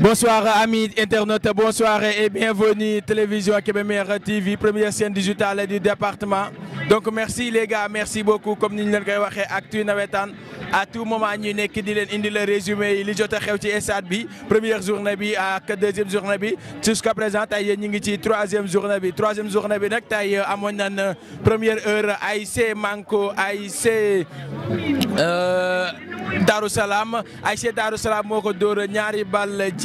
Bonsoir amis internautes, bonsoir et bienvenue Télévision Kebemer TV, première chaîne digitale du département. Donc merci les gars, merci beaucoup comme nous l'avons dit, actuellement, à tout moment nous nekk di leen indi le résumé yi li jot a xew ci bi première journée bi ak deuxième journée jusqu'à présent nous sommes ngi troisième journée bi troisième journée bi nag euh, première heure AIC Manko AIC euh, Darou Salam AIC Darou Salam Moko ko ñaari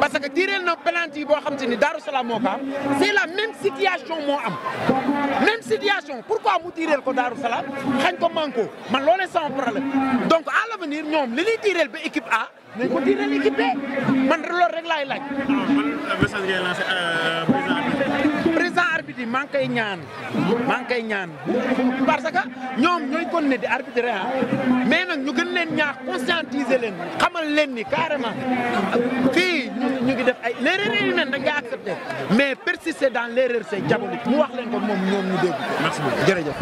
parce que tirer le penalty bo boo xam te ni Darou Salaam am c'est la même situation mo am même situation pourquoi mu tirer ko Darou salam xagn ko manko man lolé sans problème donc à l'avenir ñom li ñuy tirer ba équipe A nañ ko tirer équipe B man loolu rek lay laaj. Ah, maa ngi koy ñaan maa ngi koy ñaan parce que ñoom ñooy kon ne di arbitré ah mais nag ñu gën leen ñaax conscientiser leen xamal leen ni carrément fii ñu ngi def ay l'erreur yu nen da nga accepté mais persister dans l'erreur c'est diabolique mu wax leen ko moom ñoom ñu dégg merci beaucoup jërëjëf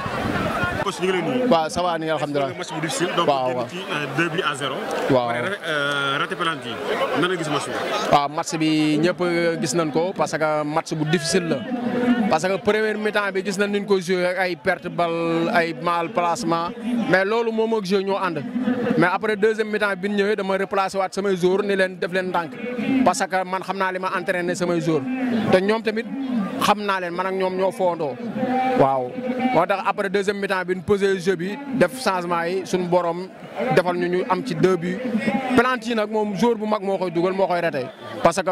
coach ñu ngi lay nuyu. waaw ça va ni alhamdulilah. match bu difficile donc waaw euh, euh, la gis match bi. waaw match bi ñëpp gis nañ ko parce que match bu difficile la parce que première mi bi gis nañ ni ko joué ay perte balle ay mal placement mais loolu moom ak ñoo ànd mais après deuxième mi-temps bi ñu ñëwee dama replacé waat samay joueurs ni leen def leen ndànk parce que man xam naa li ma entraîné samay joueurs te ñoom tamit. xam naa leen man ak ñoom ñoo foondoo waaw moo tax après deuxième mi-temps bi ñu bi def changement yi suñu borom defal ñu ñu am ci deux bi penalty nag moom joueur bu mag moo koy dugal moo koy rete parce que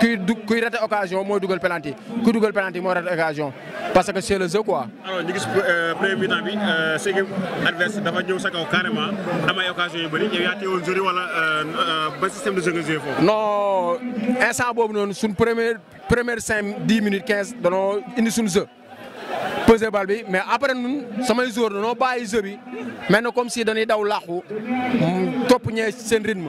kuy kuy raté occasion penalty kuy occasion parce que c'est le jeu quoi. alors ñu euh, premier mi bi euh, c'est occasion euh, système de jeu non instant première minutes 15 nous indi jeu. mais après nous sommes joueurs nous n'avons jeu bi comme si dañuy daw un mm, rythme.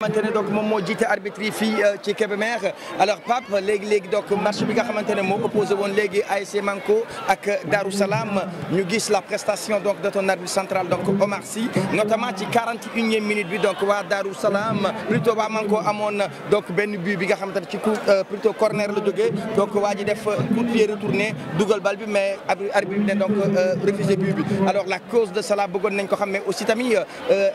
Maintenant, donc mon mot arbitre euh, alors Pape les les donc match bi nga maintenant mon opposé woon léegi ASC Manko ak Darussalam Salam ñu la prestation donc de ton arbitre central donc au Sy notamment ci 41e minute bi donc Darussalam Salam plutôt waa Manko mon donc Ben but bi nga euh, plutôt corner le jógee donc waa qui def coup de pied retourné double bal mais arbitre donc euh, refusé but alors la cause de cela beaucoup mais aussi tamit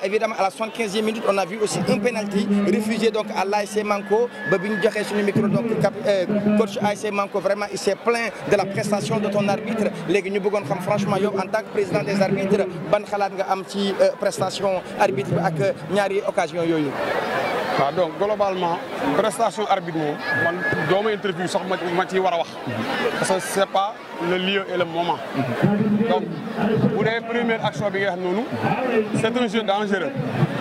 évidemment à la 75e minute on a vu aussi un pénalty parti donc à l'AIC Manco ba bi ñu micro donc euh, coach ASC Manco vraiment il s'est plaint de la prestation de ton arbitre les ñu xam franchement yo, en tant que président des arbitres ban xalaat nga am ci euh, prestation arbitre avec ak euh, ñaari occasion yooyu donc globalement prestation arbitre je man interview sur ma parce que c'est pas le lieu et le moment donc pour les première action bi nga c'est un jeu dangereux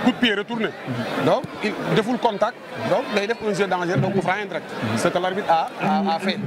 coup de pied retourné donc il le contact donc il def un jeu dangereux donc fera un direct. c'est que l'arbitre a a fait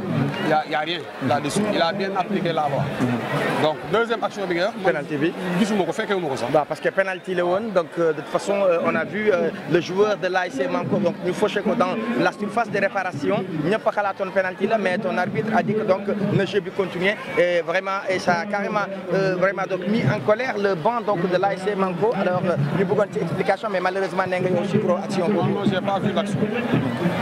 il n'y a, rien là-dessus. Il a bien appliqué la loi. Mhm. Donc, deuxième action, penalty ça. ressentez parce que penalty leone donc euh, de toute façon euh, on a vu euh, le joueur de l'AIC Manco. donc il faut que dans la surface de réparation n'y a pas penalty la mais ton arbitre a dit que donc le jeu peut continuer et vraiment ça a carrément vraiment mis en colère le banc donc de l'AIC Manco. alors ñu a ci explication mais malheureusement nee a yow action non pas vu l'action.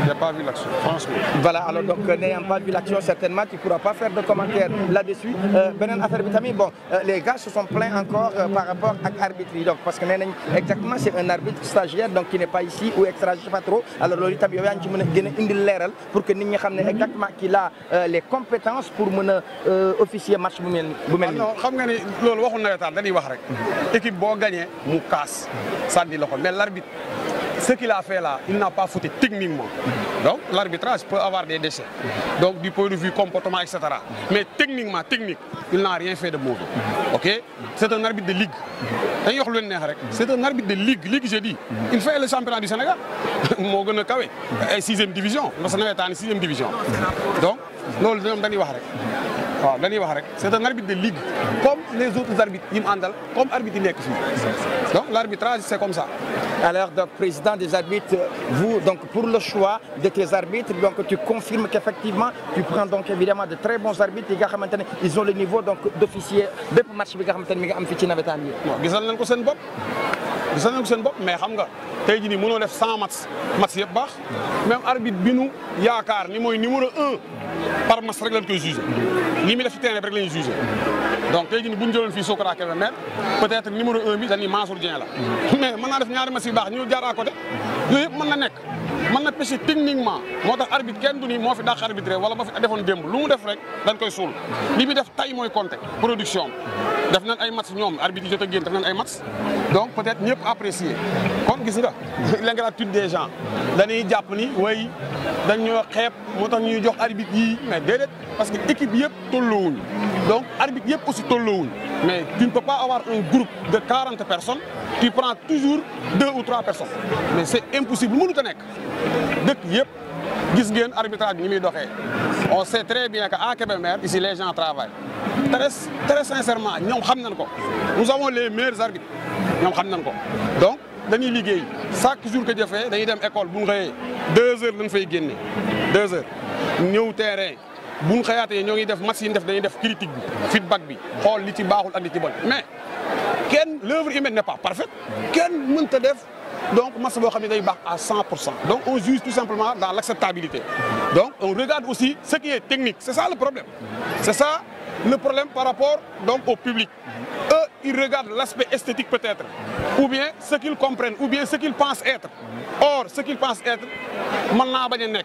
Il a pas vu l'action, franchement. Voilà, alors donc euh, n'ayant pas vu l'action, certainement tu ne pourras pas faire de commentaires là-dessus. Euh, beneen affaire bon euh, les gars se sont plaints encore par rapport à l'arbitre. donc parce que exactement c'est un arbitre stagiaire donc qui n'est pas ici ou extra je pas trop alors le itam a pour que nit ñi exactement qu'il a les compétences pour mën officier match bu mel bu mel ah non xam nga ni loolu waxul nawetaan dañuy wax rek. équipe boo gagné mu mais l'arbitre ce qu'il a fait là, il n'a pas foutu techniquement. Donc l'arbitrage peut avoir des déchets. Donc du point de vue comportement, etc. Mais techniquement, technique, il n'a rien fait de mauvais. Ok C'est un arbitre de ligue. C'est un arbitre de ligue, ligue j'ai dit. Il fait le championnat du Sénégal. Il Kawé. 6 division. Le Sénégal est en 6 division. Donc, nous, nous, nous, c'est un arbitre de ligue comme les autres arbitres comme arbitre donc l'arbitrage c'est comme ça alors donc président des arbitres vous donc pour le choix de tes arbitres donc tu confirmes qu'effectivement tu prends donc évidemment de très bons arbitres ils ont le niveau d'officier de match bi nga di sañoon ko seen bopp mais xam nga tey jii nii mënoo def 100 match match yëpp baax même arbitre bi nu yaakaar ni mooy numéro en par match rek koy jugé li muy def ci terrain rek la ñuy jugé donc tey jii nii bu ñu jëloon fii Sokora Kébémer peut être numéro un bi dañuy Mansour Dieng la mais mën naa def ñaari match yu baax ñu jaar à côté yooyu yëpp mën na nekk. man na pêcher techniquement moo arbitre kenn du ni moo fi dàq arbitrer wala mo fi defone demb lu mu def rek dañ koy sul li mu def tay moy compter production def nañ ay match ñom arbitre yi jot def nañ ay match donc peut-être ñepp apprécier kon gis nga l'ingratitude des gens dañuy japp ni way dañ ñu xép motax tax ñuy jox arbitre yi mais dedet parce que équipe yépp tollu tolluwuñu donc arbitre est aussi tolloowuñ mais tu ne peux pas avoir un groupe de 40 personnes qui prend toujours deux ou trois personnes mais c'est impossible c'est a Donc, il y gis un arbitrage qui ni on sait très bien qu'à à ici les gens travaillent très très sincèrement nous avons les meilleurs arbitres Nous savons donc dañuy liggéey chaque jour que je dañuy dem école bu l'école. deux heures lañ fay gagner, deux heures Nous, terrain buñ ñu ñoo ngi def match yi ñu def dañuy def critique bi feedback bi xol li ci baaxul ak ci mais ken l'œuvre humaine n'est pas parfaite Quelqu'un ta def donc masse bo xamni day à 100 donc on juge tout simplement dans l'acceptabilité donc on regarde aussi ce qui est technique c'est ça le problème c'est ça le problème par rapport donc au public eux ils regardent l'aspect esthétique peut-être ou bien ce qu'ils comprennent ou bien ce qu'ils pensent être or ce qu'ils pensent être man la bañ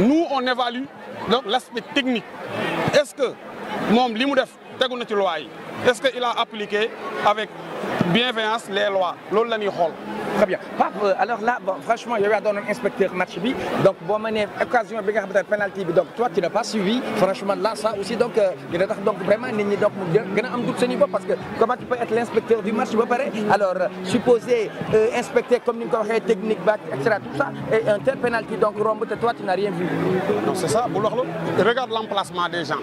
nous on évalue donc l'aspect technique est-ce que mon est-ce qu'il a appliqué avec bienveillance les lois très bien euh, alors là bon franchement y eu un inspecteur match bi donc bon, on a occasion l'occasion de regarder penalty donc toi tu n'as pas suivi franchement là ça aussi donc euh, il donc vraiment il y donc mu a doute parce que comment tu peux être l'inspecteur du match ba pareil alors euh, supposé inspecter comme une technique etc., et tout ça et un tel penalty donc rombe, toi tu n'as rien vu. non c'est ça regarde l'emplacement des gens.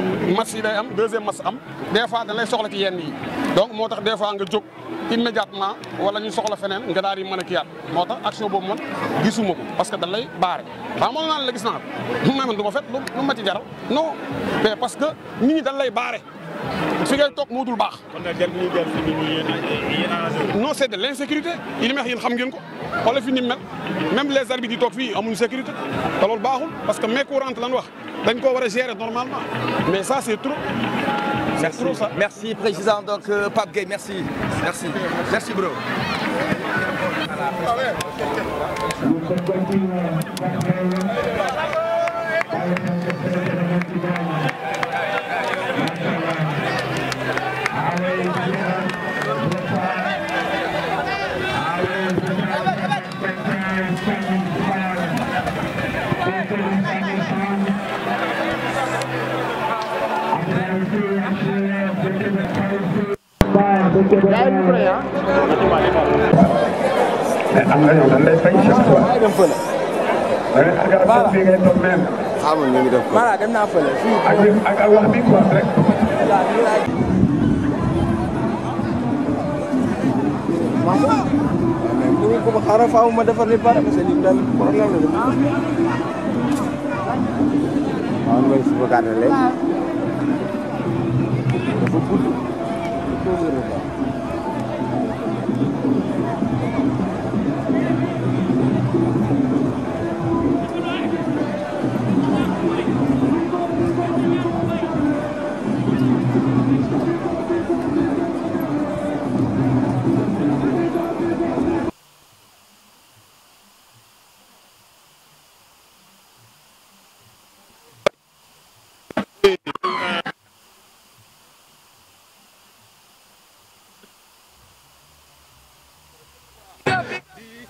match yi day am deuxième match am des fois da lay soxla ci yenn yi donc moo tax des fois nga jóg immédiatement wala ñu soxla feneen nga daal di mën a kiyaat moo tax action boobu man gisuma ko parce que da lay baare waaw moom naan la gis naa ko man du ma fet lu ma ci jaral non mais parce que nit dan lay baare fi ngay toog moo dul baax. kon nag dem non c' est de l' insécurité yi meex yéen xam ngeen ko wala fi ni mel même les arbitres yi toog fii amuñu sécurité te loolu baaxul parce que main courante wax. Ben quoi, normalement mais ça c'est trop. c'est merci. merci président donc euh, Pape merci merci merci bro. ya yi kura ya ayo dan dai fai shi kuwa bari aga ta fi ga to men amun ne da ku mara dan na fala shi aga Allah bi ku atrek mama ini ko haraf au madafar ni para misalin dan problem ne on way subhanallah Thank you.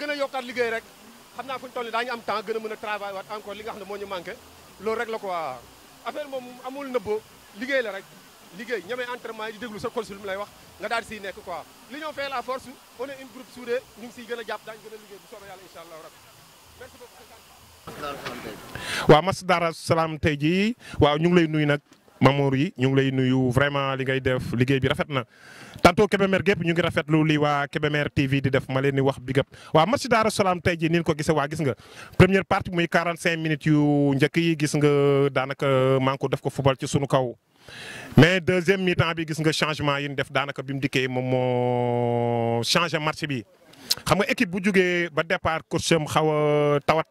naa a yokkaat liggéey rek xam naa fu ñu toll daañu am temps gën a mën a travail waat encore li nga xam loolu rek la quoi affaire moom amul nëbbo liggéey la rek liggéey ñamee entraînement yi di déglu sa coach lu mu lay wax nga daal di nekk quoi li ñoo fait la force on est une groupe soudée ñu ngi siy gën a jàpp daañu gën a liggéey bu soobee yàlla incha allah rabbi merci beaucoup waaw salaam tey jii waaw ñu ngi lay nuyu nag Mamour yi ñu ngi lay nuyu vraiment li ngay def liggéey bi rafet na tanto Kébémer gépp ñu ngi rafetlu li waa Kébémer TV di def ma leen di wax big up waaw match Daaru Salaam tey jii ni ko gisee waa gis nga première partie muy 45 minutes yu njëkk yi gis nga daanaka maa ngi ko def ko football ci sunu kaw. mais deuxième mi-temps bi gis nga changement yi ñu def daanaka bi mu dikkee moom moo changé match bi xam nga équipe bu jugee ba départ coach am xaw a tawat.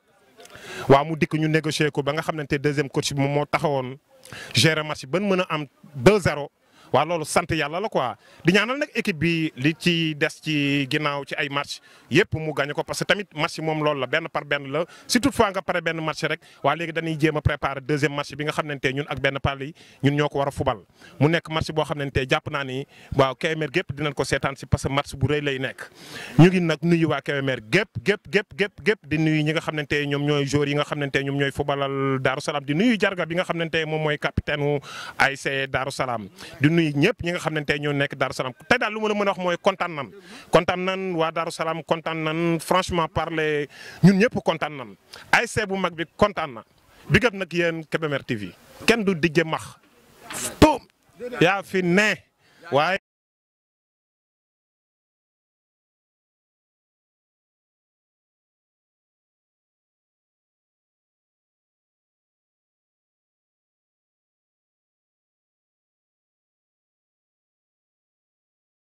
waaw mu dikk ñu négocier ko ba nga xam ne deuxième coach bi moom moo taxawoon gérer match ban mën a am 2-0. waaw loolu sant yàlla la quoi di ñaanal nag équipe bi li ci des ci ginnaaw ci ay match yëpp mu gagné ko parce que tamit match moom loolu la benn par benn la si toutefois nga pare benn match rek waa léegi dañuy jéem a préparer deuxième match bi nga xamante ñun ak benn pal yi ñun ñoo ko war a fubal mu nekk match boo xamante jàpp naa ni waaw Kébémer gépp dinañ ko seetaan si parce que match bu rëy lay nekk ñu ngi nag nuyu waa Kébémer gépp gépp gépp gépp gépp di nuyu ñi nga xamante ñoom ñooy joueurs yi nga xamante ñoom ñooy fubalal Daaru Salaam di nuyu bi nga xamante ne mooy capitaine u ASC Daaru Salaam nuyu ñëpp ñi nga xam ne tey ñoo nekk Darou Salaam tey daal lu ma la a wax mooy kontaan nan kontaan nan waa Darou Salaam kontaan nan franchement parler ñun ñëpp kontaan nan ASC mag bi kontaan na big up nag yéen Kébémer TV kenn du dijje max tuum yaa fi ne waaye